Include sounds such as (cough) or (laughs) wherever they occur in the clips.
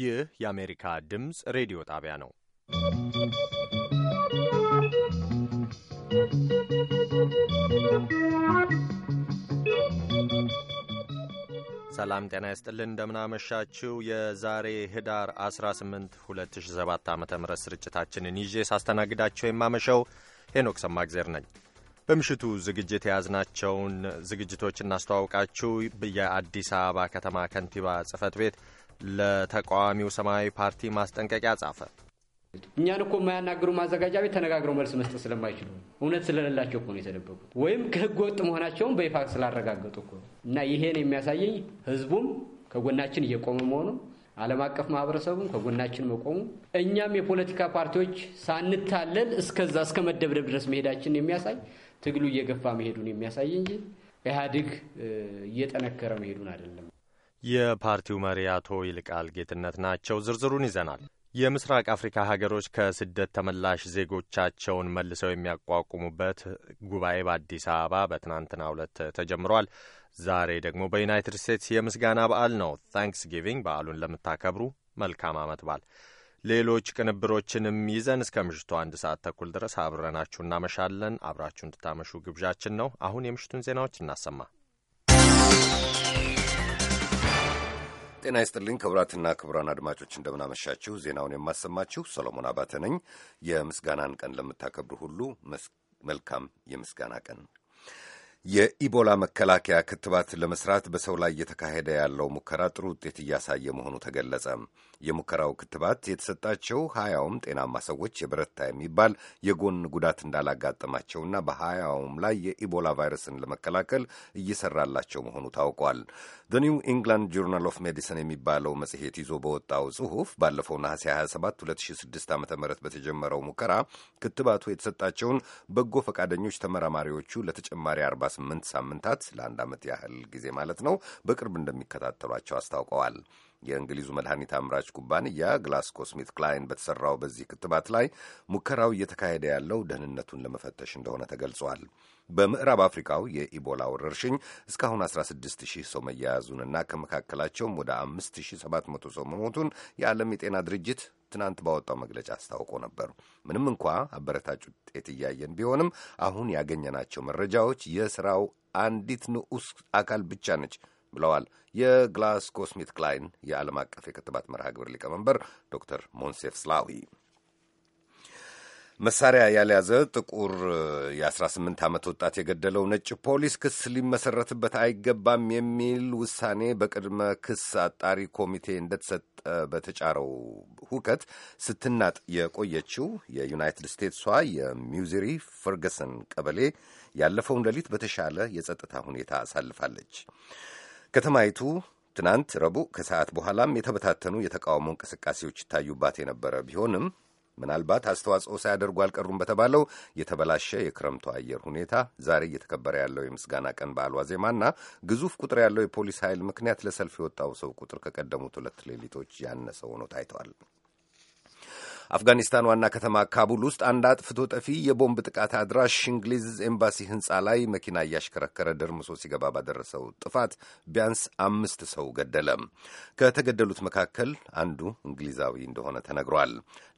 ይህ የአሜሪካ ድምፅ ሬዲዮ ጣቢያ ነው። ሰላም ጤና ይስጥልን። እንደምናመሻችው የዛሬ ህዳር 18 2007 ዓ ም ስርጭታችንን ይዤ ሳስተናግዳቸው የማመሸው ሄኖክ ሰማግዜር ነኝ። በምሽቱ ዝግጅት የያዝናቸውን ዝግጅቶች እናስተዋውቃችሁ። የአዲስ አበባ ከተማ ከንቲባ ጽህፈት ቤት ለተቃዋሚው ሰማያዊ ፓርቲ ማስጠንቀቂያ ጻፈ። እኛን እኮ የማያናግሩ ማዘጋጃ ቤት ተነጋግረው መልስ መስጠት ስለማይችሉ እውነት ስለሌላቸው እኮ ነው የተደበቁት፣ ወይም ከህገ ወጥ መሆናቸውን በይፋ ስላረጋገጡ እኮ እና ይሄን የሚያሳየኝ ህዝቡም ከጎናችን እየቆመ መሆኑ ዓለም አቀፍ ማህበረሰቡም ከጎናችን መቆሙ እኛም የፖለቲካ ፓርቲዎች ሳንታለል እስከዛ እስከ መደብደብ ድረስ መሄዳችን የሚያሳይ ትግሉ እየገፋ መሄዱን የሚያሳይ እንጂ ኢህአዴግ እየጠነከረ መሄዱን አይደለም። የፓርቲው መሪ አቶ ይልቃል ጌትነት ናቸው። ዝርዝሩን ይዘናል። የምስራቅ አፍሪካ ሀገሮች ከስደት ተመላሽ ዜጎቻቸውን መልሰው የሚያቋቁሙበት ጉባኤ በአዲስ አበባ በትናንትናው ዕለት ተጀምሯል። ዛሬ ደግሞ በዩናይትድ ስቴትስ የምስጋና በዓል ነው። ታንክስ ጊቪንግ በዓሉን ለምታከብሩ መልካም ዓመት በዓል። ሌሎች ቅንብሮችንም ይዘን እስከ ምሽቱ አንድ ሰዓት ተኩል ድረስ አብረናችሁ እናመሻለን። አብራችሁ እንድታመሹ ግብዣችን ነው። አሁን የምሽቱን ዜናዎች እናሰማ። ጤና ይስጥልኝ ክቡራትና ክቡራን አድማጮች እንደምናመሻችሁ። ዜናውን የማሰማችሁ ሰሎሞን አባተ ነኝ። የምስጋናን ቀን ለምታከብሩ ሁሉ መልካም የምስጋና ቀን የኢቦላ መከላከያ ክትባት ለመስራት በሰው ላይ እየተካሄደ ያለው ሙከራ ጥሩ ውጤት እያሳየ መሆኑ ተገለጸ። የሙከራው ክትባት የተሰጣቸው ሀያውም ጤናማ ሰዎች የበረታ የሚባል የጎን ጉዳት እንዳላጋጠማቸውና በሀያውም ላይ የኢቦላ ቫይረስን ለመከላከል እየሰራላቸው መሆኑ ታውቋል። ዘ ኒው ኢንግላንድ ጆርናል ኦፍ ሜዲሲን የሚባለው መጽሔት ይዞ በወጣው ጽሑፍ ባለፈው ነሐሴ 27 2006 ዓ ም በተጀመረው ሙከራ ክትባቱ የተሰጣቸውን በጎ ፈቃደኞች ተመራማሪዎቹ ለተጨማሪ 48 ሳምንታት ለአንድ ዓመት ያህል ጊዜ ማለት ነው በቅርብ እንደሚከታተሏቸው አስታውቀዋል። የእንግሊዙ መድኃኒት አምራች ኩባንያ ግላስኮ ስሚት ክላይን በተሰራው በዚህ ክትባት ላይ ሙከራው እየተካሄደ ያለው ደህንነቱን ለመፈተሽ እንደሆነ ተገልጿል። በምዕራብ አፍሪካው የኢቦላ ወረርሽኝ እስካሁን 16 ሺህ ሰው መያያዙንና ከመካከላቸውም ወደ 5700 ሰው መሞቱን የዓለም የጤና ድርጅት ትናንት ባወጣው መግለጫ አስታውቆ ነበር። ምንም እንኳ አበረታች ውጤት እያየን ቢሆንም አሁን ያገኘናቸው መረጃዎች የስራው አንዲት ንዑስ አካል ብቻ ነች ብለዋል የግላስኮ ስሚት ክላይን የዓለም አቀፍ የክትባት መርሃ ግብር ሊቀመንበር ዶክተር ሞንሴፍ ስላዊ መሳሪያ ያልያዘ ጥቁር የ18 ዓመት ወጣት የገደለው ነጭ ፖሊስ ክስ ሊመሰረትበት አይገባም የሚል ውሳኔ በቅድመ ክስ አጣሪ ኮሚቴ እንደተሰጠ በተጫረው ሁከት ስትናጥ የቆየችው የዩናይትድ ስቴትሷ የሚዙሪ ፈርገሰን ቀበሌ ያለፈውን ሌሊት በተሻለ የጸጥታ ሁኔታ አሳልፋለች። ከተማይቱ ትናንት ረቡዕ ከሰዓት በኋላም የተበታተኑ የተቃውሞ እንቅስቃሴዎች ይታዩባት የነበረ ቢሆንም ምናልባት አስተዋጽኦ ሳያደርጉ አልቀሩም በተባለው የተበላሸ የክረምቱ አየር ሁኔታ ዛሬ እየተከበረ ያለው የምስጋና ቀን በዓል ዋዜማና ግዙፍ ቁጥር ያለው የፖሊስ ኃይል ምክንያት ለሰልፍ የወጣው ሰው ቁጥር ከቀደሙት ሁለት ሌሊቶች ያነሰ ሆኖ ታይተዋል። አፍጋኒስታን ዋና ከተማ ካቡል ውስጥ አንድ አጥፍቶ ጠፊ የቦምብ ጥቃት አድራሽ እንግሊዝ ኤምባሲ ህንፃ ላይ መኪና እያሽከረከረ ደርምሶ ሲገባ ባደረሰው ጥፋት ቢያንስ አምስት ሰው ገደለ። ከተገደሉት መካከል አንዱ እንግሊዛዊ እንደሆነ ተነግሯል።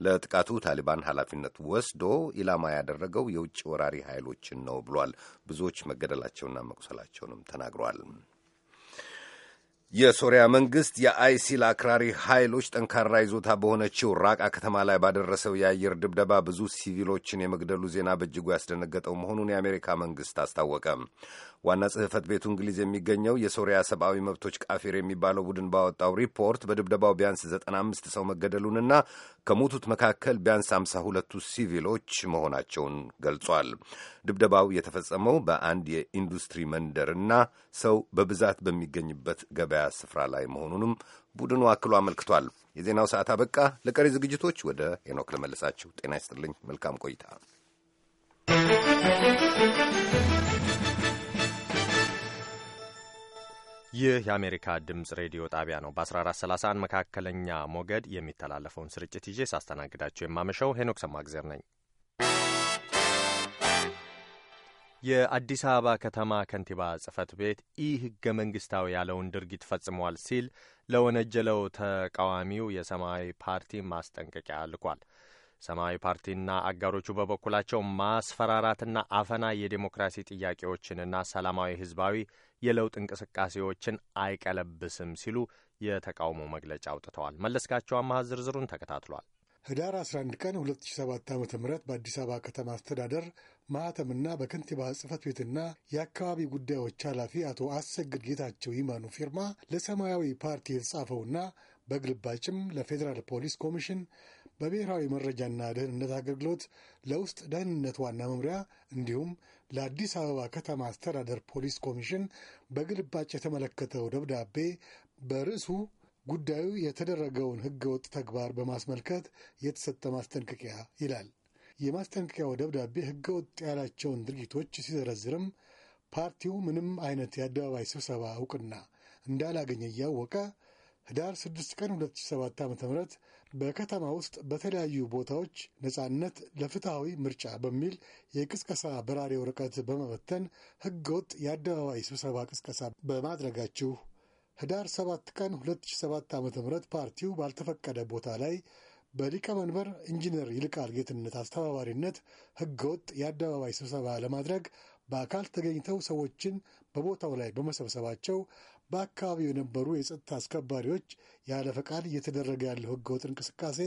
ለጥቃቱ ታሊባን ኃላፊነት ወስዶ ኢላማ ያደረገው የውጭ ወራሪ ኃይሎችን ነው ብሏል። ብዙዎች መገደላቸውና መቁሰላቸውንም ተናግሯል። የሶሪያ መንግሥት የአይሲል አክራሪ ኃይሎች ጠንካራ ይዞታ በሆነችው ራቃ ከተማ ላይ ባደረሰው የአየር ድብደባ ብዙ ሲቪሎችን የመግደሉ ዜና በእጅጉ ያስደነገጠው መሆኑን የአሜሪካ መንግሥት አስታወቀ። ዋና ጽሕፈት ቤቱ እንግሊዝ የሚገኘው የሶሪያ ሰብአዊ መብቶች ቃፊር የሚባለው ቡድን ባወጣው ሪፖርት በድብደባው ቢያንስ 95 ሰው መገደሉንና ከሞቱት መካከል ቢያንስ 52ቱ ሲቪሎች መሆናቸውን ገልጿል። ድብደባው የተፈጸመው በአንድ የኢንዱስትሪ መንደርና ሰው በብዛት በሚገኝበት ገበያ ስፍራ ላይ መሆኑንም ቡድኑ አክሎ አመልክቷል። የዜናው ሰዓት አበቃ። ለቀሪ ዝግጅቶች ወደ ሄኖክ ለመለሳችሁ። ጤና ይስጥልኝ። መልካም ቆይታ። ይህ የአሜሪካ ድምፅ ሬዲዮ ጣቢያ ነው። በ1431 መካከለኛ ሞገድ የሚተላለፈውን ስርጭት ይዤ ሳስተናግዳቸው የማመሸው ሄኖክ ሰማግዘር ነኝ። የአዲስ አበባ ከተማ ከንቲባ ጽፈት ቤት ኢ ህገ መንግስታዊ ያለውን ድርጊት ፈጽሟል ሲል ለወነጀለው ተቃዋሚው የሰማያዊ ፓርቲ ማስጠንቀቂያ ልኳል። ሰማያዊ ፓርቲና አጋሮቹ በበኩላቸው ማስፈራራትና አፈና የዴሞክራሲ ጥያቄዎችንና ሰላማዊ ህዝባዊ የለውጥ እንቅስቃሴዎችን አይቀለብስም ሲሉ የተቃውሞ መግለጫ አውጥተዋል። መለስካቸው አማሃ ዝርዝሩን ተከታትሏል። ህዳር 11 ቀን 2007 ዓ ም በአዲስ አበባ ከተማ አስተዳደር ማኅተምና በከንቲባ ጽሕፈት ቤትና የአካባቢ ጉዳዮች ኃላፊ አቶ አሰግድ ጌታቸው ይመኑ ፊርማ ለሰማያዊ ፓርቲ የተጻፈውና በግልባጭም ለፌዴራል ፖሊስ ኮሚሽን፣ በብሔራዊ መረጃና ደህንነት አገልግሎት፣ ለውስጥ ደህንነት ዋና መምሪያ እንዲሁም ለአዲስ አበባ ከተማ አስተዳደር ፖሊስ ኮሚሽን በግልባጭ የተመለከተው ደብዳቤ በርዕሱ ጉዳዩ የተደረገውን ህገወጥ ተግባር በማስመልከት የተሰጠ ማስጠንቀቂያ ይላል። የማስጠንቀቂያው ደብዳቤ ህገወጥ ያላቸውን ድርጊቶች ሲዘረዝርም ፓርቲው ምንም አይነት የአደባባይ ስብሰባ እውቅና እንዳላገኘ እያወቀ ህዳር 6 ቀን 2007 ዓ ም በከተማ ውስጥ በተለያዩ ቦታዎች ነፃነት ለፍትሐዊ ምርጫ በሚል የቅስቀሳ በራሪ ወረቀት በመበተን ህገወጥ የአደባባይ ስብሰባ ቅስቀሳ በማድረጋችሁ ህዳር 7 ቀን 2007 ዓ ም ፓርቲው ባልተፈቀደ ቦታ ላይ በሊቀመንበር ኢንጂነር ይልቃል ጌትነት አስተባባሪነት ህገወጥ የአደባባይ ስብሰባ ለማድረግ በአካል ተገኝተው ሰዎችን በቦታው ላይ በመሰብሰባቸው በአካባቢው የነበሩ የጸጥታ አስከባሪዎች ያለ ፈቃድ እየተደረገ ያለው ህገወጥ እንቅስቃሴ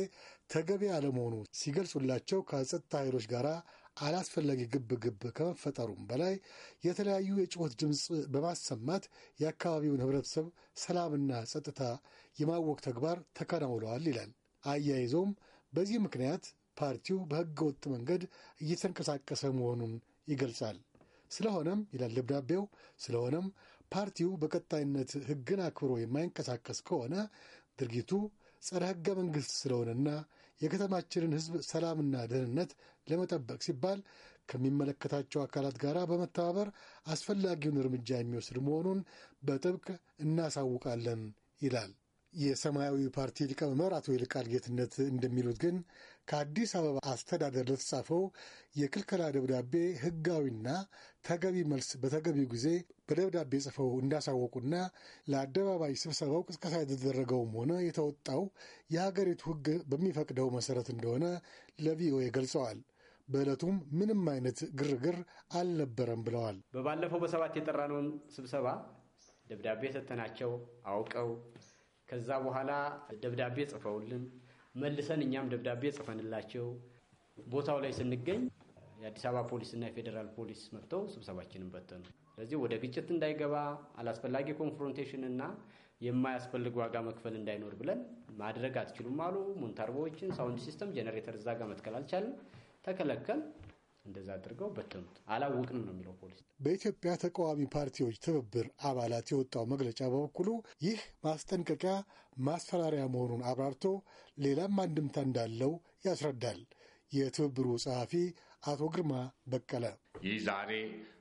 ተገቢ አለመሆኑ ሲገልጹላቸው ከጸጥታ ኃይሎች ጋር አላስፈላጊ ግብ ግብ ከመፈጠሩም በላይ የተለያዩ የጩኸት ድምፅ በማሰማት የአካባቢውን ህብረተሰብ ሰላምና ጸጥታ የማወቅ ተግባር ተከናውለዋል ይላል። አያይዘውም በዚህ ምክንያት ፓርቲው በሕገ ወጥ መንገድ እየተንቀሳቀሰ መሆኑን ይገልጻል። ስለሆነም ይላል ደብዳቤው፣ ስለሆነም ፓርቲው በቀጣይነት ሕግን አክብሮ የማይንቀሳቀስ ከሆነ ድርጊቱ ጸረ ሕገ መንግሥት ስለሆነና የከተማችንን ሕዝብ ሰላምና ደህንነት ለመጠበቅ ሲባል ከሚመለከታቸው አካላት ጋር በመተባበር አስፈላጊውን እርምጃ የሚወስድ መሆኑን በጥብቅ እናሳውቃለን ይላል። የሰማያዊ ፓርቲ ሊቀመንበር አቶ ይልቃል ጌትነት እንደሚሉት ግን ከአዲስ አበባ አስተዳደር ለተጻፈው የክልከላ ደብዳቤ ሕጋዊና ተገቢ መልስ በተገቢው ጊዜ በደብዳቤ ጽፈው እንዳሳወቁና ለአደባባይ ስብሰባው ቅስቀሳ የተደረገውም ሆነ የተወጣው የሀገሪቱ ሕግ በሚፈቅደው መሰረት እንደሆነ ለቪኦኤ ገልጸዋል። በዕለቱም ምንም አይነት ግርግር አልነበረም ብለዋል። በባለፈው በሰባት የጠራነውን ስብሰባ ደብዳቤ ሰጥተናቸው አውቀው ከዛ በኋላ ደብዳቤ ጽፈውልን መልሰን እኛም ደብዳቤ ጽፈንላቸው ቦታው ላይ ስንገኝ የአዲስ አበባ ፖሊስና የፌዴራል ፖሊስ መጥተው ስብሰባችንን በተኑ። ስለዚህ ወደ ግጭት እንዳይገባ አላስፈላጊ ኮንፍሮንቴሽን እና የማያስፈልግ ዋጋ መክፈል እንዳይኖር ብለን ማድረግ አትችሉም አሉ። ሞንታርቦዎችን፣ ሳውንድ ሲስተም፣ ጀነሬተር እዛ ጋር መትከል አልቻለም፣ ተከለከል እንደዛ አድርገው በተኑት። አላወቅንም ነው የሚለው ፖሊስ። በኢትዮጵያ ተቃዋሚ ፓርቲዎች ትብብር አባላት የወጣው መግለጫ በበኩሉ ይህ ማስጠንቀቂያ ማስፈራሪያ መሆኑን አብራርቶ ሌላም አንድምታ እንዳለው ያስረዳል። የትብብሩ ጸሐፊ አቶ ግርማ በቀለ ይህ ዛሬ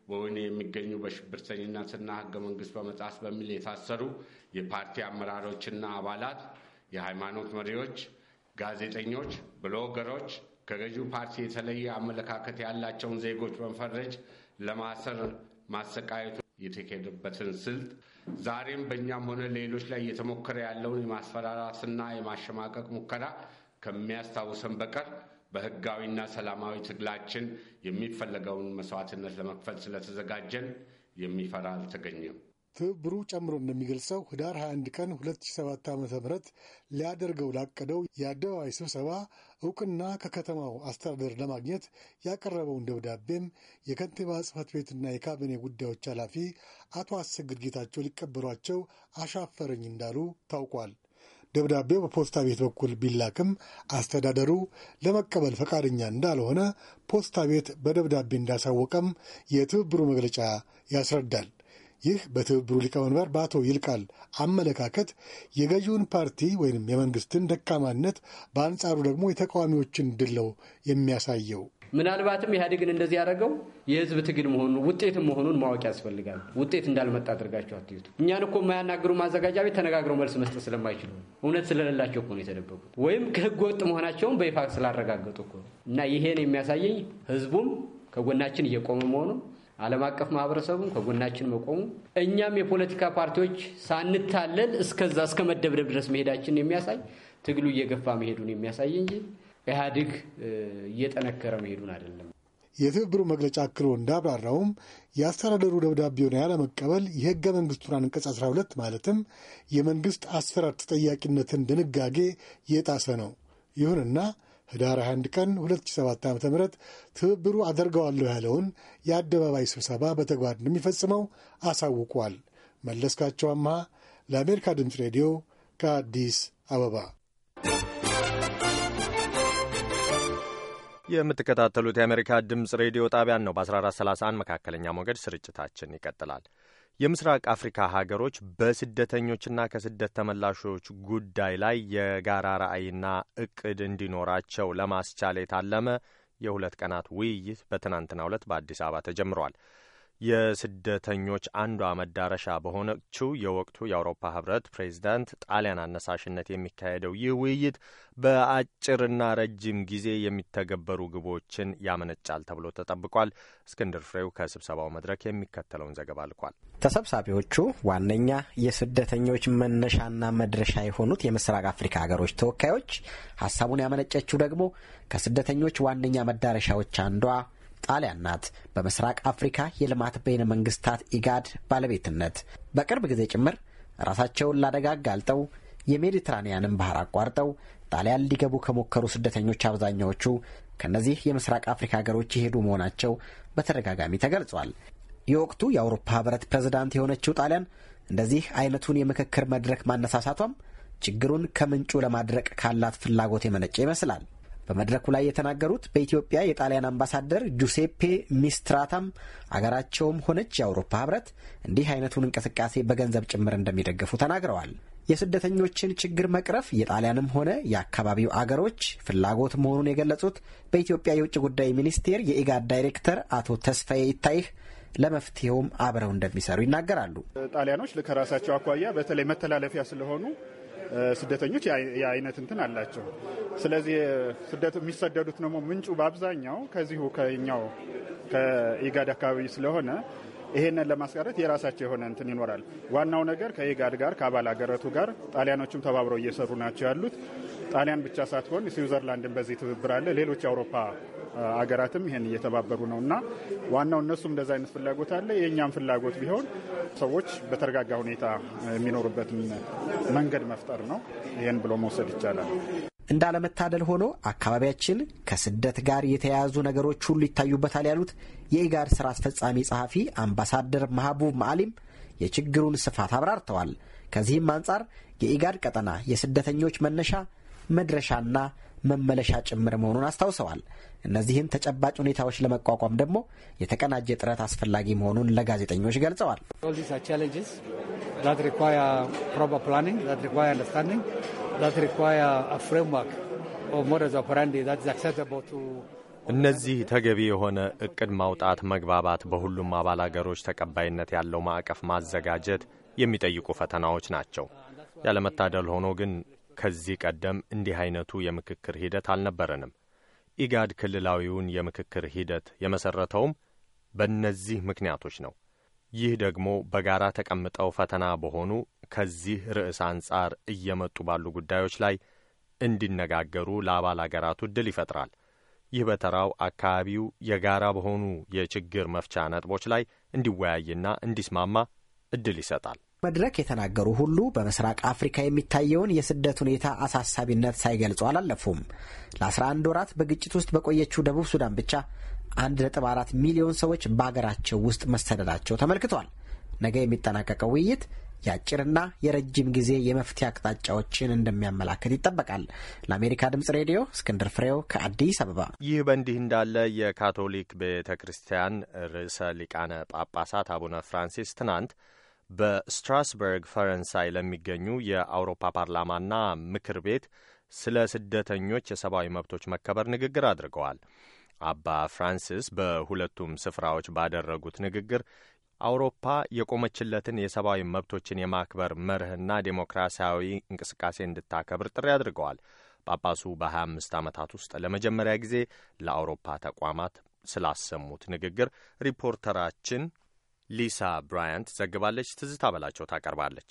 በወህኒ የሚገኙ በሽብርተኝነትና ህገ መንግስት በመጣስ በሚል የታሰሩ የፓርቲ አመራሮችና አባላት፣ የሃይማኖት መሪዎች፣ ጋዜጠኞች፣ ብሎገሮች ከገዢው ፓርቲ የተለየ አመለካከት ያላቸውን ዜጎች በመፈረጅ ለማሰር ማሰቃየቱ የተካሄደበትን ስልት ዛሬም በእኛም ሆነ ሌሎች ላይ እየተሞከረ ያለውን የማስፈራራትና የማሸማቀቅ ሙከራ ከሚያስታውሰን በቀር በህጋዊና ሰላማዊ ትግላችን የሚፈለገውን መስዋዕትነት ለመክፈል ስለተዘጋጀን የሚፈራ አልተገኘም። ትብብሩ ጨምሮ እንደሚገልጸው ህዳር 21 ቀን 2007 ዓ ም ሊያደርገው ላቀደው የአደባባይ ስብሰባ እውቅና ከከተማው አስተዳደር ለማግኘት ያቀረበውን ደብዳቤም የከንቲባ ጽህፈት ቤትና የካቢኔ ጉዳዮች ኃላፊ አቶ አሰግድ ጌታቸው ሊቀበሏቸው አሻፈረኝ እንዳሉ ታውቋል። ደብዳቤው በፖስታ ቤት በኩል ቢላክም አስተዳደሩ ለመቀበል ፈቃደኛ እንዳልሆነ ፖስታ ቤት በደብዳቤ እንዳሳወቀም የትብብሩ መግለጫ ያስረዳል። ይህ በትብብሩ ሊቀመንበር በአቶ ይልቃል አመለካከት የገዢውን ፓርቲ ወይም የመንግስትን ደካማነት፣ በአንጻሩ ደግሞ የተቃዋሚዎችን ድለው የሚያሳየው። ምናልባትም ኢህአዴግን እንደዚህ ያደረገው የህዝብ ትግል መሆኑን ውጤትም መሆኑን ማወቅ ያስፈልጋል። ውጤት እንዳልመጣ አድርጋቸው አትዩት። እኛን እኮ የማያናግሩ ማዘጋጃ ቤት ተነጋግረው መልስ መስጠት ስለማይችሉ እውነት ስለሌላቸው እኮ ነው የተደበቁት፣ ወይም ከህገ ወጥ መሆናቸውን በይፋ ስላረጋገጡ እኮ እና ይሄን የሚያሳየኝ ህዝቡም ከጎናችን እየቆመ መሆኑን ዓለም አቀፍ ማህበረሰቡም ከጎናችን መቆሙ እኛም የፖለቲካ ፓርቲዎች ሳንታለል እስከዛ እስከ መደብደብ ድረስ መሄዳችን የሚያሳይ ትግሉ እየገፋ መሄዱን የሚያሳይ እንጂ ኢህአዴግ እየጠነከረ መሄዱን አይደለም። የትብብሩ መግለጫ አክሎ እንዳብራራውም የአስተዳደሩ ደብዳቤውን ያለመቀበል የህገ መንግስቱን አንቀጽ 12 ማለትም የመንግስት አሰራር ተጠያቂነትን ድንጋጌ የጣሰ ነው። ይሁንና ህዳር 21 ቀን 2007 ዓ ም ትብብሩ አደርገዋለሁ ያለውን የአደባባይ ስብሰባ በተግባር እንደሚፈጽመው አሳውቋል። መለስካቸው አምሃ ለአሜሪካ ድምፅ ሬዲዮ ከአዲስ አበባ የምትከታተሉት የአሜሪካ ድምፅ ሬዲዮ ጣቢያን ነው። በ1431 መካከለኛ ሞገድ ስርጭታችን ይቀጥላል። የምስራቅ አፍሪካ ሀገሮች በስደተኞችና ከስደት ተመላሾች ጉዳይ ላይ የጋራ ራዕይና እቅድ እንዲኖራቸው ለማስቻል የታለመ የሁለት ቀናት ውይይት በትናንትናው ዕለት በአዲስ አበባ ተጀምሯል። የስደተኞች አንዷ መዳረሻ በሆነችው የወቅቱ የአውሮፓ ህብረት ፕሬዚዳንት ጣሊያን አነሳሽነት የሚካሄደው ይህ ውይይት በአጭርና ረጅም ጊዜ የሚተገበሩ ግቦችን ያመነጫል ተብሎ ተጠብቋል። እስክንድር ፍሬው ከስብሰባው መድረክ የሚከተለውን ዘገባ ልኳል። ተሰብሳቢዎቹ ዋነኛ የስደተኞች መነሻና መድረሻ የሆኑት የምስራቅ አፍሪካ ሀገሮች ተወካዮች ሀሳቡን ያመነጨችው ደግሞ ከስደተኞች ዋነኛ መዳረሻዎች አንዷ ጣሊያን ናት። በምስራቅ አፍሪካ የልማት በይነ መንግስታት ኢጋድ ባለቤትነት በቅርብ ጊዜ ጭምር ራሳቸውን ላደጋ አጋልጠው የሜዲትራኒያንን ባህር አቋርጠው ጣሊያን ሊገቡ ከሞከሩ ስደተኞች አብዛኛዎቹ ከእነዚህ የምስራቅ አፍሪካ ሀገሮች የሄዱ መሆናቸው በተደጋጋሚ ተገልጿል። የወቅቱ የአውሮፓ ህብረት ፕሬዝዳንት የሆነችው ጣሊያን እንደዚህ አይነቱን የምክክር መድረክ ማነሳሳቷም ችግሩን ከምንጩ ለማድረቅ ካላት ፍላጎት የመነጨ ይመስላል። በመድረኩ ላይ የተናገሩት በኢትዮጵያ የጣሊያን አምባሳደር ጁሴፔ ሚስትራታም አገራቸውም ሆነች የአውሮፓ ህብረት እንዲህ አይነቱን እንቅስቃሴ በገንዘብ ጭምር እንደሚደግፉ ተናግረዋል። የስደተኞችን ችግር መቅረፍ የጣሊያንም ሆነ የአካባቢው አገሮች ፍላጎት መሆኑን የገለጹት በኢትዮጵያ የውጭ ጉዳይ ሚኒስቴር የኢጋድ ዳይሬክተር አቶ ተስፋዬ ይታይህ ለመፍትሄውም አብረው እንደሚሰሩ ይናገራሉ። ጣሊያኖች ከራሳቸው አኳያ በተለይ መተላለፊያ ስለሆኑ ስደተኞች የአይነት እንትን አላቸው። ስለዚህ ስደት የሚሰደዱት ደግሞ ምንጩ በአብዛኛው ከዚሁ ከኛው ከኢጋድ አካባቢ ስለሆነ ይሄንን ለማስቀረት የራሳቸው የሆነ እንትን ይኖራል። ዋናው ነገር ከኢጋድ ጋር ከአባል ሀገራቱ ጋር ጣሊያኖችም ተባብረው እየሰሩ ናቸው ያሉት። ጣሊያን ብቻ ሳትሆን ስዊዘርላንድን በዚህ ትብብር አለ። ሌሎች የአውሮፓ አገራትም ይሄን እየተባበሩ ነው እና ዋናው እነሱም እንደዚ አይነት ፍላጎት አለ። የእኛም ፍላጎት ቢሆን ሰዎች በተረጋጋ ሁኔታ የሚኖሩበትን መንገድ መፍጠር ነው። ይህን ብሎ መውሰድ ይቻላል። እንዳለመታደል ሆኖ አካባቢያችን ከስደት ጋር የተያያዙ ነገሮች ሁሉ ይታዩበታል ያሉት የኢጋድ ስራ አስፈጻሚ ጸሐፊ አምባሳደር ማህቡብ ማአሊም የችግሩን ስፋት አብራርተዋል። ከዚህም አንጻር የኢጋድ ቀጠና የስደተኞች መነሻ መድረሻና መመለሻ ጭምር መሆኑን አስታውሰዋል። እነዚህን ተጨባጭ ሁኔታዎች ለመቋቋም ደግሞ የተቀናጀ ጥረት አስፈላጊ መሆኑን ለጋዜጠኞች ገልጸዋል። እነዚህ ተገቢ የሆነ እቅድ ማውጣት፣ መግባባት፣ በሁሉም አባል አገሮች ተቀባይነት ያለው ማዕቀፍ ማዘጋጀት የሚጠይቁ ፈተናዎች ናቸው። ያለመታደል ሆኖ ግን ከዚህ ቀደም እንዲህ አይነቱ የምክክር ሂደት አልነበረንም። ኢጋድ ክልላዊውን የምክክር ሂደት የመሠረተውም በእነዚህ ምክንያቶች ነው። ይህ ደግሞ በጋራ ተቀምጠው ፈተና በሆኑ ከዚህ ርዕስ አንጻር እየመጡ ባሉ ጉዳዮች ላይ እንዲነጋገሩ ለአባል አገራቱ ዕድል ይፈጥራል። ይህ በተራው አካባቢው የጋራ በሆኑ የችግር መፍቻ ነጥቦች ላይ እንዲወያይና እንዲስማማ ዕድል ይሰጣል። መድረክ የተናገሩ ሁሉ በምስራቅ አፍሪካ የሚታየውን የስደት ሁኔታ አሳሳቢነት ሳይገልጹ አላለፉም። ለ11 ወራት በግጭት ውስጥ በቆየችው ደቡብ ሱዳን ብቻ 1.4 ሚሊዮን ሰዎች በአገራቸው ውስጥ መሰደዳቸው ተመልክቷል። ነገ የሚጠናቀቀው ውይይት የአጭርና የረጅም ጊዜ የመፍትሄ አቅጣጫዎችን እንደሚያመላክት ይጠበቃል። ለአሜሪካ ድምጽ ሬዲዮ እስክንድር ፍሬው ከአዲስ አበባ። ይህ በእንዲህ እንዳለ የካቶሊክ ቤተ ክርስቲያን ርዕሰ ሊቃነ ጳጳሳት አቡነ ፍራንሲስ ትናንት በስትራስበርግ ፈረንሳይ ለሚገኙ የአውሮፓ ፓርላማና ምክር ቤት ስለ ስደተኞች የሰብአዊ መብቶች መከበር ንግግር አድርገዋል። አባ ፍራንሲስ በሁለቱም ስፍራዎች ባደረጉት ንግግር አውሮፓ የቆመችለትን የሰብአዊ መብቶችን የማክበር መርህና ዴሞክራሲያዊ እንቅስቃሴ እንድታከብር ጥሪ አድርገዋል። ጳጳሱ በ25 ዓመታት ውስጥ ለመጀመሪያ ጊዜ ለአውሮፓ ተቋማት ስላሰሙት ንግግር ሪፖርተራችን ሊሳ ብራያንት ዘግባለች። ትዝታ በላቸው ታቀርባለች።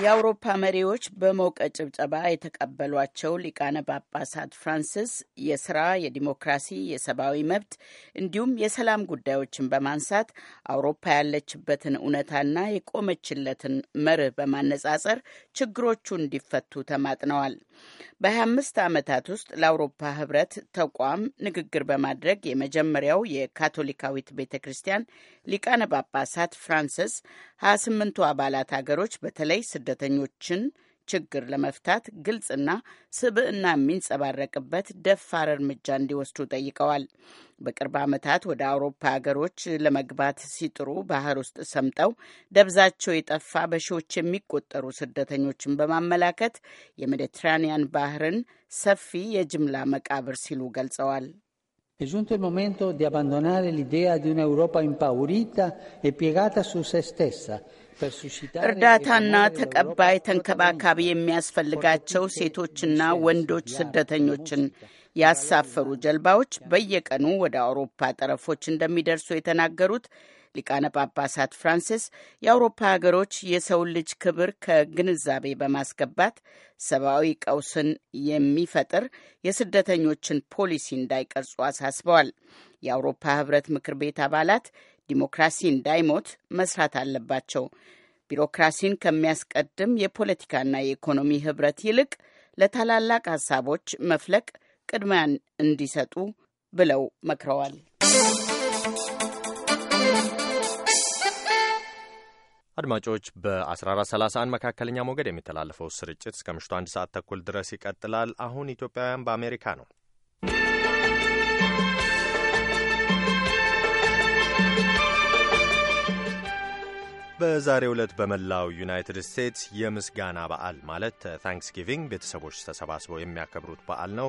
የአውሮፓ መሪዎች በሞቀ ጭብጨባ የተቀበሏቸው ሊቃነ ጳጳሳት ፍራንሲስ የስራ፣ የዲሞክራሲ፣ የሰብአዊ መብት እንዲሁም የሰላም ጉዳዮችን በማንሳት አውሮፓ ያለችበትን እውነታና የቆመችለትን መርህ በማነጻጸር ችግሮቹ እንዲፈቱ ተማጥነዋል። በ25 ዓመታት ውስጥ ለአውሮፓ ህብረት ተቋም ንግግር በማድረግ የመጀመሪያው የካቶሊካዊት ቤተ ክርስቲያን ሊቃነ ጳጳሳት ፍራንስስ 28ቱ አባላት አገሮች በተለይ ስደተኞችን ችግር ለመፍታት ግልጽና ስብዕና የሚንጸባረቅበት ደፋር እርምጃ እንዲወስዱ ጠይቀዋል። በቅርብ ዓመታት ወደ አውሮፓ ሀገሮች ለመግባት ሲጥሩ ባህር ውስጥ ሰምጠው ደብዛቸው የጠፋ በሺዎች የሚቆጠሩ ስደተኞችን በማመላከት የሜዲትራኒያን ባህርን ሰፊ የጅምላ መቃብር ሲሉ ገልጸዋል። È giunto il momento di abbandonare l'idea di un'Europa impaurita e piegata su se stessa እርዳታና ተቀባይ ተንከባካቢ የሚያስፈልጋቸው ሴቶችና ወንዶች ስደተኞችን ያሳፈሩ ጀልባዎች በየቀኑ ወደ አውሮፓ ጠረፎች እንደሚደርሱ የተናገሩት ሊቃነ ጳጳሳት ፍራንሲስ የአውሮፓ ሀገሮች የሰው ልጅ ክብር ከግንዛቤ በማስገባት ሰብአዊ ቀውስን የሚፈጥር የስደተኞችን ፖሊሲ እንዳይቀርጹ አሳስበዋል። የአውሮፓ ህብረት ምክር ቤት አባላት ዲሞክራሲ እንዳይሞት መስራት አለባቸው። ቢሮክራሲን ከሚያስቀድም የፖለቲካና የኢኮኖሚ ህብረት ይልቅ ለታላላቅ ሀሳቦች መፍለቅ ቅድሚያን እንዲሰጡ ብለው መክረዋል። አድማጮች በ1431 መካከለኛ ሞገድ የሚተላለፈው ስርጭት እስከ ምሽቱ አንድ ሰዓት ተኩል ድረስ ይቀጥላል። አሁን ኢትዮጵያውያን በአሜሪካ ነው። በዛሬ ዕለት በመላው ዩናይትድ ስቴትስ የምስጋና በዓል ማለት ታንክስጊቪንግ ቤተሰቦች ተሰባስበው የሚያከብሩት በዓል ነው።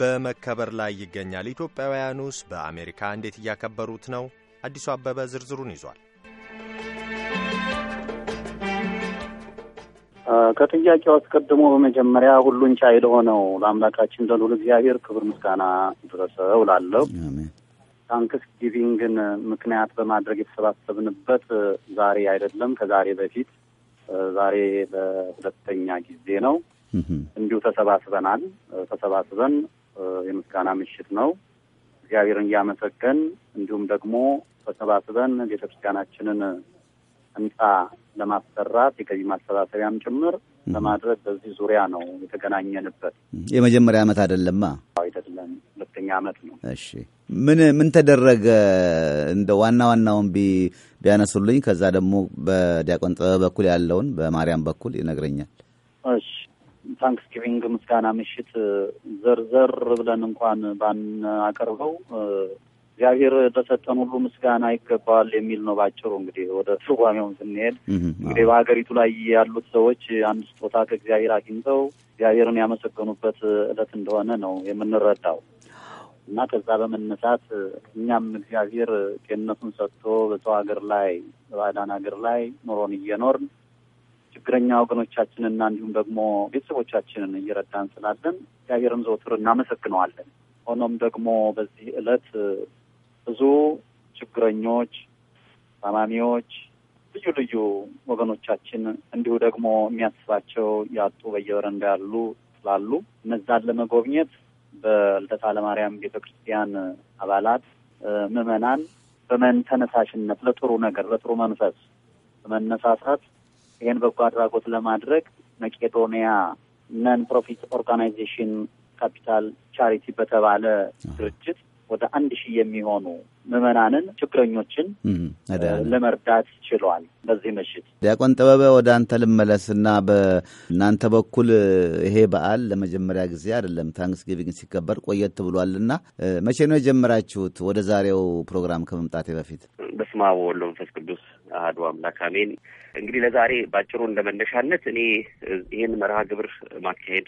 በመከበር ላይ ይገኛል። ኢትዮጵያውያኑስ በአሜሪካ እንዴት እያከበሩት ነው? አዲሱ አበበ ዝርዝሩን ይዟል። ከጥያቄው አስቀድሞ በመጀመሪያ ሁሉን ቻይ ለሆነው ለአምላካችን ለልዑል እግዚአብሔር ክብር ምስጋና ድረሰው እላለሁ። ታንክስ ጊቪንግን ምክንያት በማድረግ የተሰባሰብንበት ዛሬ አይደለም፣ ከዛሬ በፊት ዛሬ በሁለተኛ ጊዜ ነው። እንዲሁ ተሰባስበናል። ተሰባስበን የምስጋና ምሽት ነው እግዚአብሔርን እያመሰገን እንዲሁም ደግሞ ተሰባስበን ቤተክርስቲያናችንን ህንጻ ለማሰራት የገቢ ማሰባሰቢያም ጭምር በማድረግ በዚህ ዙሪያ ነው የተገናኘንበት። የመጀመሪያ ዓመት አይደለማ አይደለም፣ ሁለተኛ ዓመት ነው። እሺ ምን ምን ተደረገ? እንደ ዋና ዋናውን ቢያነሱልኝ፣ ከዛ ደግሞ በዲያቆን ጥበብ በኩል ያለውን በማርያም በኩል ይነግረኛል። እሺ ታንክስጊቪንግ ምስጋና ምሽት ዘርዘር ብለን እንኳን ባናቀርበው እግዚአብሔር በሰጠን ሁሉ ምስጋና ይገባል የሚል ነው ባጭሩ። እንግዲህ ወደ ትርጓሜውን ስንሄድ እንግዲህ በሀገሪቱ ላይ ያሉት ሰዎች አንድ ስጦታ ከእግዚአብሔር አግኝተው እግዚአብሔርን ያመሰገኑበት ዕለት እንደሆነ ነው የምንረዳው እና ከዛ በመነሳት እኛም እግዚአብሔር ጤንነቱን ሰጥቶ በሰው ሀገር ላይ በባዕዳን ሀገር ላይ ኑሮን እየኖርን ችግረኛ ወገኖቻችንና እንዲሁም ደግሞ ቤተሰቦቻችንን እየረዳን ስላለን እግዚአብሔርን ዘውትር እናመሰግነዋለን። ሆኖም ደግሞ በዚህ ዕለት ብዙ ችግረኞች፣ ታማሚዎች፣ ልዩ ልዩ ወገኖቻችን እንዲሁ ደግሞ የሚያስባቸው ያጡ በየበረንዳ ያሉ ስላሉ እነዛን ለመጎብኘት በልደታ ለማርያም ቤተ ክርስቲያን አባላት ምዕመናን ተነሳሽነት ለጥሩ ነገር ለጥሩ መንፈስ በመነሳሳት ይህን በጎ አድራጎት ለማድረግ መቄዶንያ ነን ፕሮፊት ኦርጋናይዜሽን ካፒታል ቻሪቲ በተባለ ድርጅት ወደ አንድ ሺህ የሚሆኑ ምዕመናንን ችግረኞችን ለመርዳት ችሏል። በዚህ ምሽት ዲያቆን ጥበበ ወደ አንተ ልመለስና በእናንተ በኩል ይሄ በዓል ለመጀመሪያ ጊዜ አይደለም፣ ታንክስጊቪንግ ሲከበር ቆየት ብሏልና መቼ ነው የጀመራችሁት? ወደ ዛሬው ፕሮግራም ከመምጣቴ በፊት በስመ አብ ወወልድ ወመንፈስ ቅዱስ አሐዱ አምላክ አሜን። እንግዲህ ለዛሬ ባጭሩ እንደመነሻነት እኔ ይህን መርሃ ግብር ማካሄድ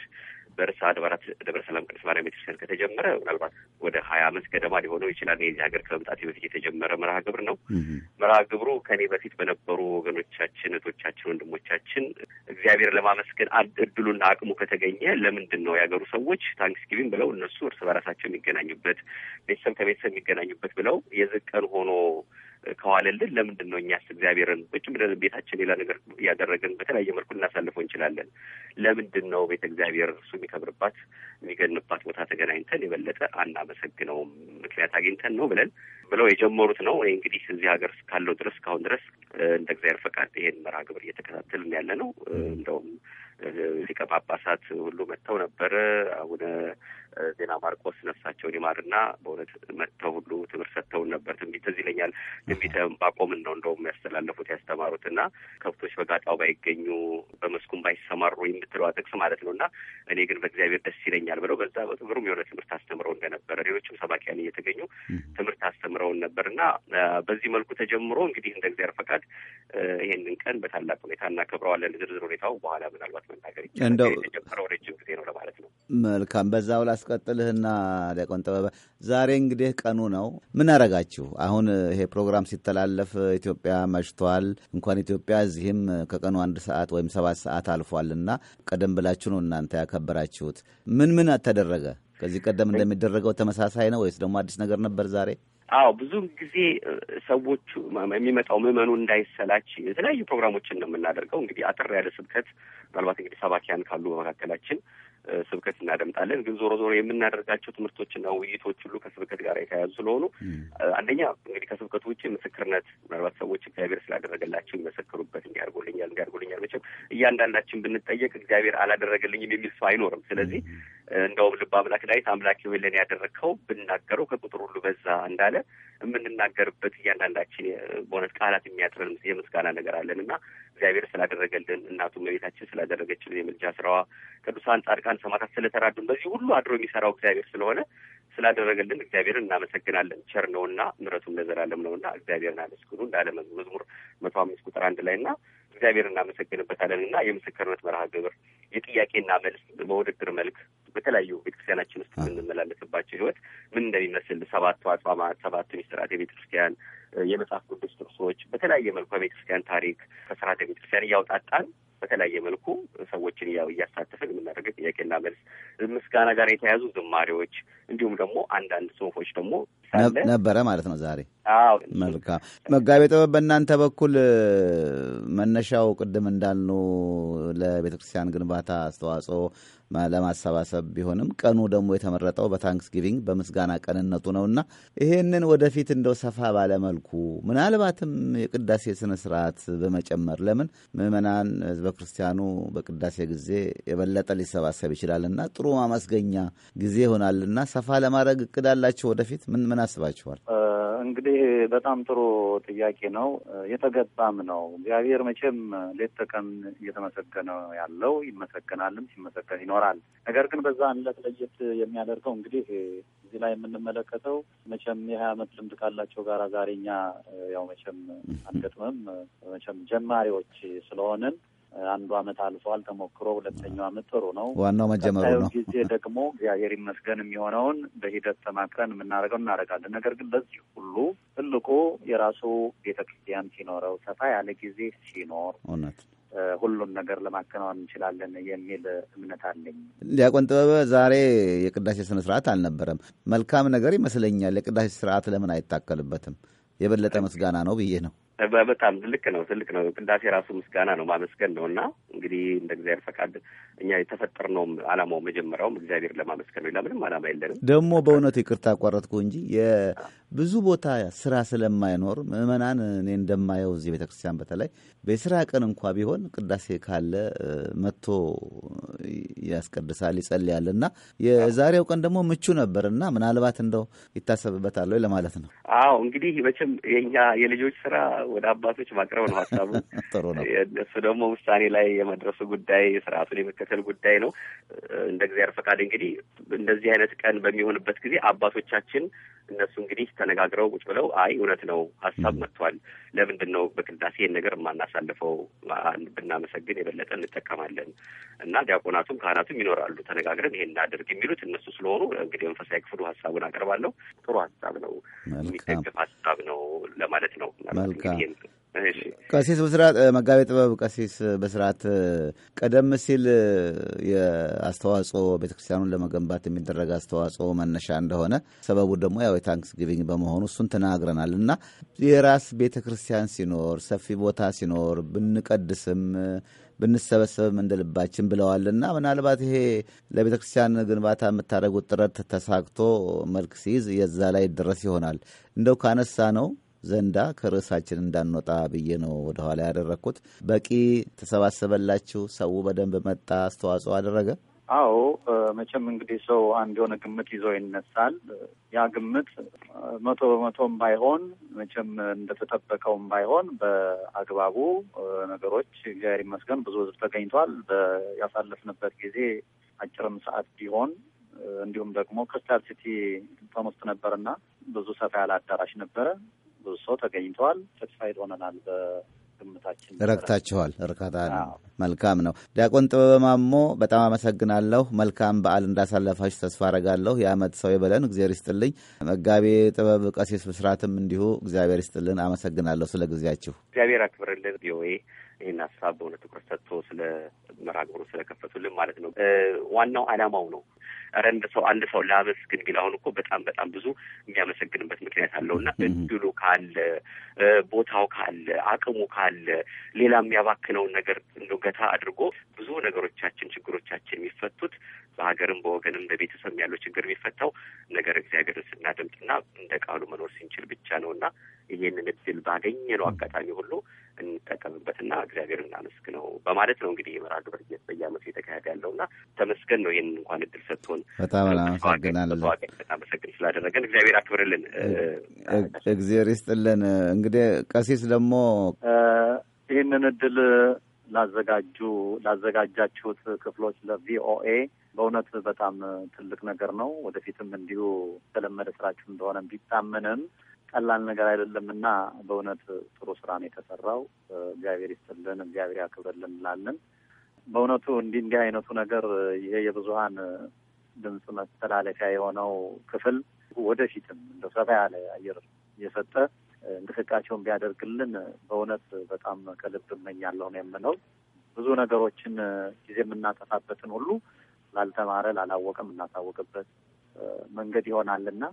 በርሳ አድባራት ደብረ ሰላም ቅዱስ ማርያም ቤተክርስቲያን ከተጀመረ ምናልባት ወደ ሀያ አመት ገደማ ሊሆነው ይችላል። የዚህ ሀገር ከመምጣት በፊት የተጀመረ መርሃ ግብር ነው። መርሃ ግብሩ ከኔ በፊት በነበሩ ወገኖቻችን፣ እህቶቻችን፣ ወንድሞቻችን እግዚአብሔር ለማመስገን እድሉና አቅሙ ከተገኘ ለምንድን ነው የሀገሩ ሰዎች ታንክስጊቪንግ ብለው እነሱ እርስ በራሳቸው የሚገናኙበት ቤተሰብ ከቤተሰብ የሚገናኙበት ብለው የዝቀን ሆኖ ከዋለልን ለምንድን ነው እኛስ እግዚአብሔርን ቁጭ ብለን ቤታችን ሌላ ነገር እያደረግን በተለያየ መልኩ እናሳልፎ እንችላለን? ለምንድን ነው ቤተ እግዚአብሔር እሱ የሚከብርባት የሚገንባት ቦታ ተገናኝተን የበለጠ አናመሰግነውም? ምክንያት አግኝተን ነው ብለን ብለው የጀመሩት ነው። እኔ እንግዲህ እዚህ ሀገር ካለው ድረስ እስካሁን ድረስ እንደ እግዚአብሔር ፈቃድ ይሄን መርሃ ግብር እየተከታተልን ያለ ነው እንደውም ሊቀ ጳጳሳት ሁሉ መጥተው ነበረ። አቡነ ዜና ማርቆስ ነፍሳቸውን ይማርና በእውነት መጥተው ሁሉ ትምህርት ሰጥተውን ነበር። ትንቢት ትዝ ይለኛል። ትንቢተ ዕንባቆምን ነው እንደውም ያስተላለፉት ያስተማሩት እና ከብቶች በጋጣው ባይገኙ በመስኩም ባይሰማሩ የምትለዋ ጥቅስ ማለት ነው እና እኔ ግን በእግዚአብሔር ደስ ይለኛል ብለው በዛ በግሩም የሆነ ትምህርት አስተምረው እንደነበረ ሌሎችም ሰባኪያን እየተገኙ ትምህርት አስተምረውን ነበር እና በዚህ መልኩ ተጀምሮ እንግዲህ እንደ እግዚአብሔር ፈቃድ ይህንን ቀን በታላቅ ሁኔታ እናከብረዋለን። ዝርዝር ሁኔታው በኋላ ምናልባት መናገር ይቻላል። እንደው የተጀመረው ረጅም ጊዜ ነው ለማለት ነው። መልካም፣ በዛው ላስቀጥልህና ዲያቆን ጥበበ፣ ዛሬ እንግዲህ ቀኑ ነው። ምን አረጋችሁ? አሁን ይሄ ፕሮግራም ሲተላለፍ ኢትዮጵያ መሽቷል። እንኳን ኢትዮጵያ እዚህም ከቀኑ አንድ ሰዓት ወይም ሰባት ሰዓት አልፏል እና ቀደም ብላችሁ ነው እናንተ ያከበራችሁት። ምን ምን ተደረገ? ከዚህ ቀደም እንደሚደረገው ተመሳሳይ ነው ወይስ ደግሞ አዲስ ነገር ነበር ዛሬ? አዎ ብዙ ጊዜ ሰዎቹ የሚመጣው ምዕመኑ እንዳይሰላች የተለያዩ ፕሮግራሞችን ነው የምናደርገው። እንግዲህ አጥር ያለ ስብከት ምናልባት እንግዲህ ሰባኪያን ካሉ በመካከላችን ስብከት እናደምጣለን። ግን ዞሮ ዞሮ የምናደርጋቸው ትምህርቶችና ውይይቶች ሁሉ ከስብከት ጋር የተያያዙ ስለሆኑ አንደኛ እንግዲህ ከስብከቱ ውጭ ምስክርነት ምናልባት ሰዎች እግዚአብሔር ስላደረገላቸው ይመሰክሩበት እንዲያርጎልኛል እንዲያርጎልኛል መቼም እያንዳንዳችን ብንጠየቅ እግዚአብሔር አላደረገልኝም የሚል ሰው አይኖርም። ስለዚህ እንደውም ልበ አምላክ ዳዊት አምላክ ሆይ ያደረግከው ብናገረው ከቁጥር ሁሉ በዛ እንዳለ የምንናገርበት እያንዳንዳችን በእውነት ቃላት የሚያጥረን የምስጋና ነገር አለን እና እግዚአብሔር ስላደረገልን እናቱ መቤታችን ስላደረገችልን የምልጃ ስራዋ ቅዱሳን፣ ጻድቃን፣ ሰማዕታት ስለተራዱን በዚህ ሁሉ አድሮ የሚሰራው እግዚአብሔር ስለሆነ ስላደረገልን እግዚአብሔርን እናመሰግናለን። ቸር ነውና ምሕረቱም ለዘላለም ነውና እግዚአብሔርን አመስግኑ እንዳለ መዝሙር መቶ አምስት ቁጥር አንድ ላይ እና እግዚአብሔር እናመሰግንበታለን እና የምስክርነት መርሃ ግብር የጥያቄና መልስ በውድድር መልክ በተለያዩ ቤተክርስቲያናችን ውስጥ የምንመላለስባቸው ህይወት ምን እንደሚመስል ሰባቱ አጽዋማት፣ ሰባቱ ሚስጥራት የቤተክርስቲያን የመጽሐፍ ቅዱስ ጥቅሶች በተለያየ መልኩ ቤተክርስቲያን ታሪክ ከስርዓተ ቤተክርስቲያን እያውጣጣን በተለያየ መልኩ ሰዎችን እያሳተፍን የምናደርገው ጥያቄና መልስ ምስጋና ጋር የተያያዙ ዝማሬዎች እንዲሁም ደግሞ አንዳንድ ጽሁፎች ደግሞ ነበረ ማለት ነው። ዛሬ አዎ፣ መልካም መጋቤ ጥበብ፣ በእናንተ በኩል መነሻው ቅድም እንዳልኑ ለቤተ ክርስቲያን ግንባታ አስተዋጽኦ ለማሰባሰብ ቢሆንም ቀኑ ደግሞ የተመረጠው በታንክስ ጊቪንግ በምስጋና ቀንነቱ ነውና ይሄንን ወደፊት እንደው ሰፋ ባለመልኩ ምናልባትም የቅዳሴ ስነ ስርዓት በመጨመር ለምን ምዕመናን ህዝበ ክርስቲያኑ በቅዳሴ ጊዜ የበለጠ ሊሰባሰብ ይችላልና ጥሩ ማመስገኛ ጊዜ ይሆናልና ሰፋ ለማድረግ እቅድ አላችሁ ወደፊት? ምን ምን አስባችኋል? እንግዲህ በጣም ጥሩ ጥያቄ ነው፣ የተገባም ነው። እግዚአብሔር መቼም ሌት ተቀን እየተመሰገነ ያለው ይመሰገናልም፣ ሲመሰገን ይኖራል። ነገር ግን በዛ ዕለት ለየት የሚያደርገው እንግዲህ እዚህ ላይ የምንመለከተው መቼም የሀያ ዓመት ልምድ ካላቸው ጋራ ዛሬኛ ያው መቼም አንገጥምም መቼም ጀማሪዎች ስለሆንን አንዱ አመት አልፏል። ተሞክሮ ሁለተኛው አመት ጥሩ ነው። ዋናው መጀመሩ ነው። ጊዜ ደግሞ እግዚአብሔር ይመስገን የሚሆነውን በሂደት ተማክረን የምናደርገው እናደርጋለን። ነገር ግን በዚህ ሁሉ ትልቁ የራሱ ቤተ ክርስቲያን ሲኖረው፣ ሰፋ ያለ ጊዜ ሲኖር እውነት ሁሉን ነገር ለማከናወን እንችላለን የሚል እምነት አለኝ። ዲያቆን ጥበበ፣ ዛሬ የቅዳሴ ስነ ስርዓት አልነበረም። መልካም ነገር ይመስለኛል። የቅዳሴ ስርዓት ለምን አይታከልበትም? የበለጠ ምስጋና ነው ብዬ ነው። በጣም ትልቅ ነው ትልቅ ነው። ቅዳሴ ራሱ ምስጋና ነው ማመስገን ነው እና እንግዲህ እንደ እግዚአብሔር ፈቃድ እኛ የተፈጠርነውም አላማው መጀመሪያውም እግዚአብሔር ለማመስገን ነው። ለምንም አላማ የለንም። ደግሞ በእውነት ይቅርታ አቋረጥኩ እንጂ ብዙ ቦታ ስራ ስለማይኖር ምዕመናን፣ እኔ እንደማየው እዚህ ቤተክርስቲያን በተለይ በስራ ቀን እንኳ ቢሆን ቅዳሴ ካለ መጥቶ ያስቀድሳል ይጸልያል እና የዛሬው ቀን ደግሞ ምቹ ነበር እና ምናልባት እንደው ይታሰብበታል ለማለት ነው። አዎ እንግዲህ መቼም የኛ የልጆች ስራ ወደ አባቶች ማቅረብ ነው ሀሳቡ። (laughs) ጥሩ ነው። እነሱ ደግሞ ውሳኔ ላይ የመድረሱ ጉዳይ፣ ስርዓቱን የመከተል ጉዳይ ነው። እንደ እግዚአብሔር ፈቃድ እንግዲህ እንደዚህ አይነት ቀን በሚሆንበት ጊዜ አባቶቻችን እነሱ እንግዲህ ተነጋግረው ቁጭ ብለው አይ እውነት ነው ሀሳብ መጥቷል፣ ለምንድን ነው በቅዳሴ ይህን ነገር የማናሳልፈው? ብናመሰግን የበለጠ እንጠቀማለን እና ዲያቆናቱም ካህናቱም ይኖራሉ ተነጋግረን ይሄን እናድርግ የሚሉት እነሱ ስለሆኑ እንግዲህ መንፈሳዊ ክፍሉ ሀሳቡን አቀርባለሁ። ጥሩ ሀሳብ ነው፣ የሚደግፍ ሀሳብ ነው ለማለት ነው። ቀሲስ በስርዓት መጋቤ ጥበብ ቀሲስ በስርዓት ቀደም ሲል የአስተዋጽኦ ቤተ ክርስቲያኑን ለመገንባት የሚደረግ አስተዋጽኦ መነሻ እንደሆነ ሰበቡ ደግሞ ያው የታንክስ ጊቪንግ በመሆኑ እሱን ተናግረናል እና የራስ ቤተ ክርስቲያን ሲኖር ሰፊ ቦታ ሲኖር ብንቀድስም ብንሰበሰብም እንደ ልባችን እና ምናልባት ይሄ ለቤተ ክርስቲያን ግንባታ የምታደርጉት ጥረት ተሳክቶ መልክ ሲይዝ የዛ ላይ ድረስ ይሆናል እንደው ካነሳ ነው ዘንዳ ከርዕሳችን እንዳንወጣ ብዬ ነው ወደኋላ ያደረግኩት። በቂ ተሰባሰበላችሁ? ሰው በደንብ መጣ? አስተዋጽኦ አደረገ? አዎ መቼም እንግዲህ ሰው አንድ የሆነ ግምት ይዞ ይነሳል። ያ ግምት መቶ በመቶም ባይሆን መቼም እንደተጠበቀውም ባይሆን በአግባቡ ነገሮች እግዚአብሔር ይመስገን ብዙ ሕዝብ ተገኝቷል። ያሳለፍንበት ጊዜ አጭርም ሰዓት ቢሆን እንዲሁም ደግሞ ክሪስታል ሲቲ ቶን ውስጥ ነበርና ብዙ ሰፋ ያለ አዳራሽ ነበረ። ብዙ ሰው ተገኝተዋል። ተስፋይድ ሆነናል። በግምታችን ረክታችኋል። እርካታ መልካም ነው። ዲያቆን ጥበበ ማሞ በጣም አመሰግናለሁ። መልካም በዓል እንዳሳለፋችሁ ተስፋ አረጋለሁ። የአመት ሰው የበለን እግዚአብሔር ይስጥልኝ። መጋቤ ጥበብ ቀሲስ ብስራትም እንዲሁ እግዚአብሔር ይስጥልን። አመሰግናለሁ ስለ ጊዜያችሁ። እግዚአብሔር አክብርልን። ቪኦኤ ይህን ሀሳብ በሆነ ትኩረት ሰጥቶ ስለ መራግብሩ ስለከፈቱልን ማለት ነው። ዋናው አላማው ነው። ኧረ እንደ ሰው አንድ ሰው ላመስግን ግን አሁን እኮ በጣም በጣም ብዙ የሚያመሰግንበት ምክንያት አለው እና እድሉ ካለ ቦታው ካለ አቅሙ ካለ ሌላ የሚያባክነውን ነገር እንደ አድርጎ ብዙ ነገሮቻችን ችግሮቻችን የሚፈቱት በሀገርም በወገንም በቤተሰብ ያለው ችግር የሚፈታው ነገር እግዚአብሔርን ስናደምጥና እንደ ቃሉ መኖር ስንችል ብቻ ነው እና ይሄንን እድል ባገኘነው አጋጣሚ ሁሉ እንጠቀምበትና እግዚአብሔር እናመስግነው በማለት ነው እንግዲህ የመርሃ ግብር ጊዜት በየዓመቱ የተካሄደ ያለውና ተመስገን ነው። ይህን እንኳን እድል ሰጥቶን በጣም አመሰግናለሁ። ስላደረገን እግዚአብሔር አክብርልን፣ እግዚአብሔር ይስጥልን። እንግዲህ ቀሲስ ደግሞ ይህንን እድል ላዘጋጁ ላዘጋጃችሁት ክፍሎች ለቪኦኤ በእውነት በጣም ትልቅ ነገር ነው። ወደፊትም እንዲሁ የተለመደ ስራችሁ እንደሆነ ቢታመንም ቀላል ነገር አይደለም እና በእውነት ጥሩ ስራ ነው የተሰራው። እግዚአብሔር ይስጥልን፣ እግዚአብሔር ያክብርልን እንላለን። በእውነቱ እንዲህ እንዲህ አይነቱ ነገር ይሄ የብዙሀን ድምፅ መተላለፊያ የሆነው ክፍል ወደፊትም እንደ ሰፋ ያለ አየር እየሰጠ እንቅስቃሴውን ቢያደርግልን በእውነት በጣም ከልብ እመኛለሁ ነው የምለው። ብዙ ነገሮችን ጊዜ የምናጠፋበትን ሁሉ ላልተማረ ላላወቀም እናሳውቅበት መንገድ ይሆናልና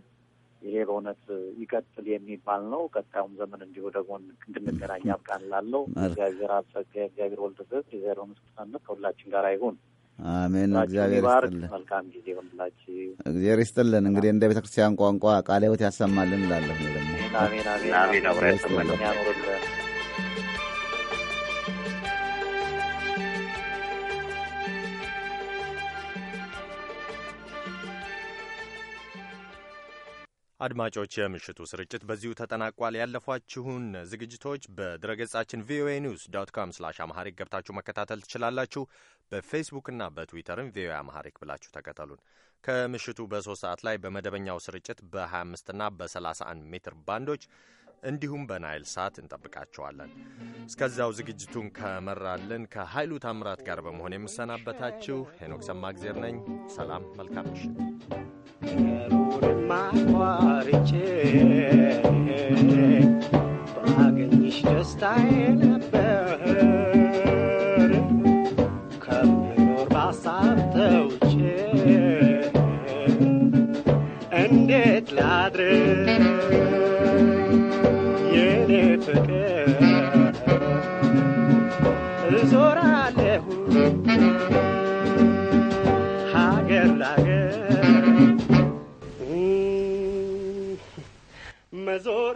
ይሄ በእውነት ይቀጥል የሚባል ነው። ቀጣዩም ዘመን እንዲሁ ደግሞ እንድንገናኝ ያብቃን እላለሁ። እግዚአብሔር አብ እግዚአብሔር ወልድ ፍቅር፣ እግዚአብሔር ምስክርነት ከሁላችን ጋር ይሁን። አሜን። እግዚአብሔር ይስጥልን። መልካም ጊዜ ሆንላችሁ። እግዚአብሔር ይስጥልን። እንግዲህ እንደ ቤተ ክርስቲያን ቋንቋ ቃለ ሕይወት ያሰማልን እላለሁ። ደግሞ አሜን። አሜን። አሜን። አብራ ያሰማልን ያኖርልን አድማጮች፣ የምሽቱ ስርጭት በዚሁ ተጠናቋል። ያለፏችሁን ዝግጅቶች በድረገጻችን ቪኦኤ ኒውስ ዶት ካም ስላሽ አማሐሪክ ገብታችሁ መከታተል ትችላላችሁ። በፌስቡክና በትዊተርም ቪኦኤ አማሐሪክ ብላችሁ ተከተሉን። ከምሽቱ በሶስት ሰዓት ላይ በመደበኛው ስርጭት በ25ና በ31 ሜትር ባንዶች እንዲሁም በናይል ሳት እንጠብቃቸዋለን እስከዚያው ዝግጅቱን ከመራልን ከኃይሉ ታምራት ጋር በመሆን የምሰናበታችሁ ሄኖክ ሰማግዜር ነኝ። ሰላም፣ መልካም ምሽት። ሩንማቋርቼ በአገኝሽ ደስታዬ ነበር ከምኖር እንዴት ፍቅር እዞራለሁ ሀገር ላገር መዞር